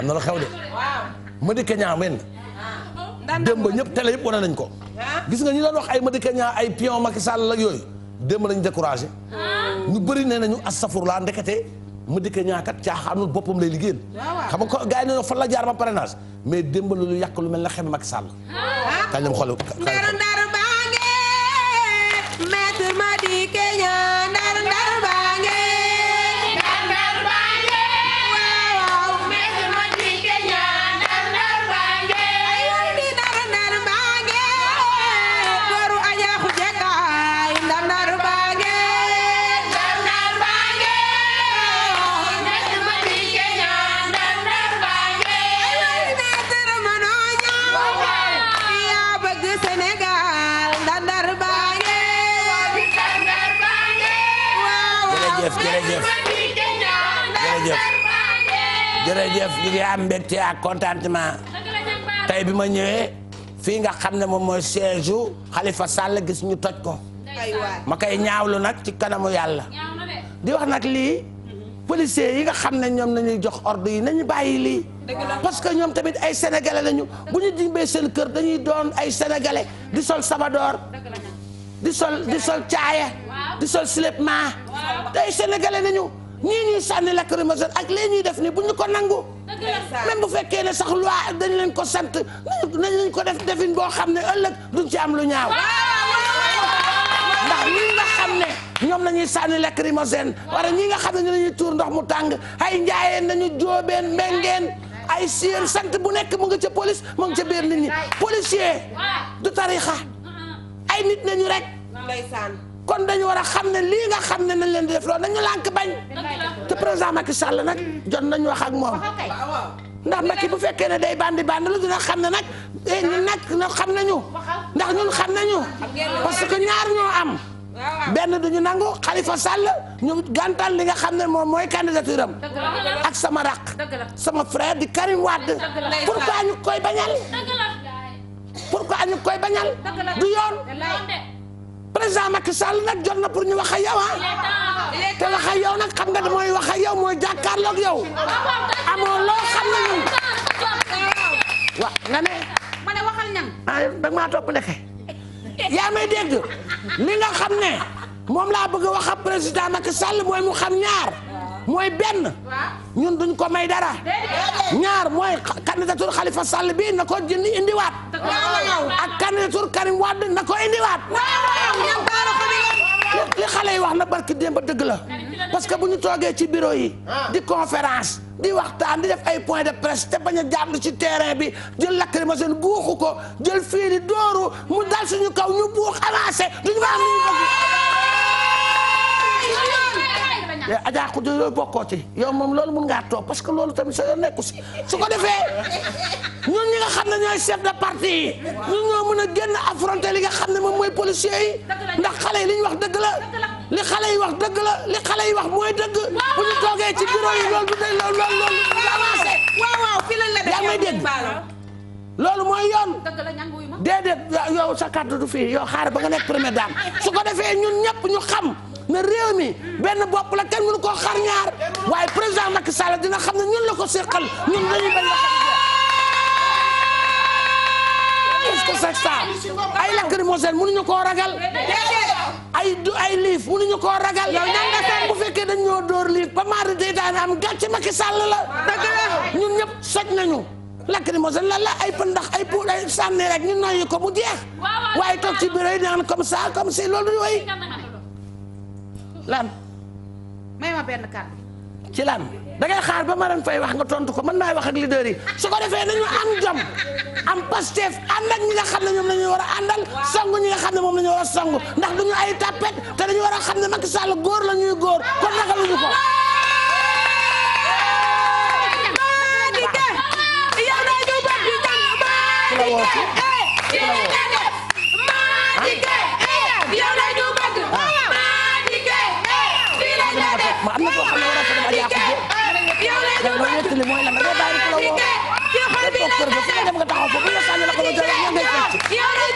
am na la xew de Madické Niang wenn démb ñëpp télé yëpp wane nañ ko ah. gis nga ñu doon wax ay Madické Niang ay pion Macky Sall la yooyu démb lañ découragé ah. ñu bari nee nañu astafurlaa ndekete Madické Niang kat caaxaanul boppam lay liggéeyal ah, xam nga ko gars yi ne fan la jaar ba parrainage mais démb lu yàq lu mel na xeme Macky Sall kañ lam xool Madické Niang jërëjëf jërëjëf jërëjëf ñu ngi am mbégte ak contentement tey bi ma ñëwee fii nga xam ne moom mooy siège u Khalifa Sall gis ñu toj ko ma koy ñaawlu nag ci kanamu yàlla di wax nag lii policiers yi nga xam ne ñoom nañuy jox ordre yi nañu bàyyi lii parce que ñoom tamit ay sénégalais lañu bu ñu dimbee seen kër dañuy doon ay sénégalais di sol sabadoor di sol di di sol slip ma tey sénégalais nañu ñii ñuy sànni lacrymogène ak lii ñuy def ni bu ñu ko nangu même bu fekkee ne sax loi dañ leen ko sant nañ leen ko def defin boo xam ne ëllëg duñ ci am lu ñaaw ndax ñi nga xam ne ñoom la ñuy sànni lacrymogène wala ñi nga xam ne ñu la ñuy tuur ndox mu tàng ay njaayeen nañu jóobeen mbengeen ay siir sant bu nekk mu nga ca police mu nga ca biir nit ñi policier du tarixa ay nit nañu rek ndeysaan kon dañu war a xam ne lii nga xam ne nañ leen di def loolu dañu lànk bañ te président Macky Sall nag jot nañu wax ak moom ndax Macky bu fekkee ne day bandi bandi lu dina xam ne nag eh, ñu nag xam nañu ndax ñun xam nañu parce que ñaar ñoo am benn duñu nangu Khalifa Sall ñu gàntal li nga xam ne moom mooy candidature am ak sama raq sama frère di Karim Wade pourquoi ñu koy bañal pourquoi ñu koy bañal du yoon Macky Sall nag jot na pour ñu wax a yow ah te wax ak yow nag xam nga mooy wax ak yow mooy jàkkaarloog yow amoo loo xam ne ñun waaw nga ne. ma ah, da maa topp ndeke yaa may dégg li nga xam ne moom laa bëgg wax ak président Macky Sall mooy mu xam ñaar. mooy benn ñun duñ ko may dara ñaar mooy candidature Khalifa Sall bi na ko indiwaat ak candidature Karim Wade na ko indiwaat xale yi wax na barki démb dëgg la parce que bu ñu toogee ci bureau yi ah. di conférence di waxtaan di def ay point de presse te bañ a jàll ci terrain bi jël seen buuxu ko jël fii di dooru mu dal suñu kaw ñu buux avancé duñu wax am li ñu te eh, Adja Khoudia yooyu bokkoo ci yow moom loolu mun ngaa toog parce que loolu tamit sa yoon nekku si su ko defee ñun ñi nga xam ne ñooy chef de parti yi ñun ñoo mën a génn affronter li nga xam ne moom mooy policiers yi ndax xale yi li ñu wax dëgg la li xale yi wax dëgg la li xale yi wax mooy dëgg bu ñu toogee ci bureau yi loolu du day loolu loolu loolu avancé yaa may dégg loolu mooy yoon déedéet yow sa kàddu du fii yow xaar ba nga nekk première dame su ko defee ñun ñëpp ñu xam ne réew mi benn bopp la kenn mënu koo xar ñaar waaye président Macky Sall dina xam ne ñun la ko seqal ñun dañuy bañ est-ce que c'est ça ragal ay du ay liif mënuñu koo ragal yow ñan nga fekk bu fekkee dañ ñoo dóor liif ba maari day daan am gàcce Macky Sall la dëgg la ñun ñëpp soj nañu lacrymogène la la ay pëndax ay puud ay sànni rek ñu noyyi ko mu jeex waaye toog ci bureau yi comme ça comme si loolu yooyu lan may ma benn kàddu ci lan da ngay xaar ba Marème Faye wax nga tontu ko mën naa wax ak leader yi su ko defee am jom am Pastef ànd ak ñi nga xam ne ñoom la ñu war a àndal song ñi nga xam ne moom ñu war a song ndax duñu ay tapet te dañu war a xam ne Macky Sall góor la ñuy góor kon ragaluñu ko yow li mooy lan da ngay bàyyi ku la woo. kër kër ba fu nga dem nga taxaw fa bu ñu sànni la ko ba joxe ñoom ngay fecc.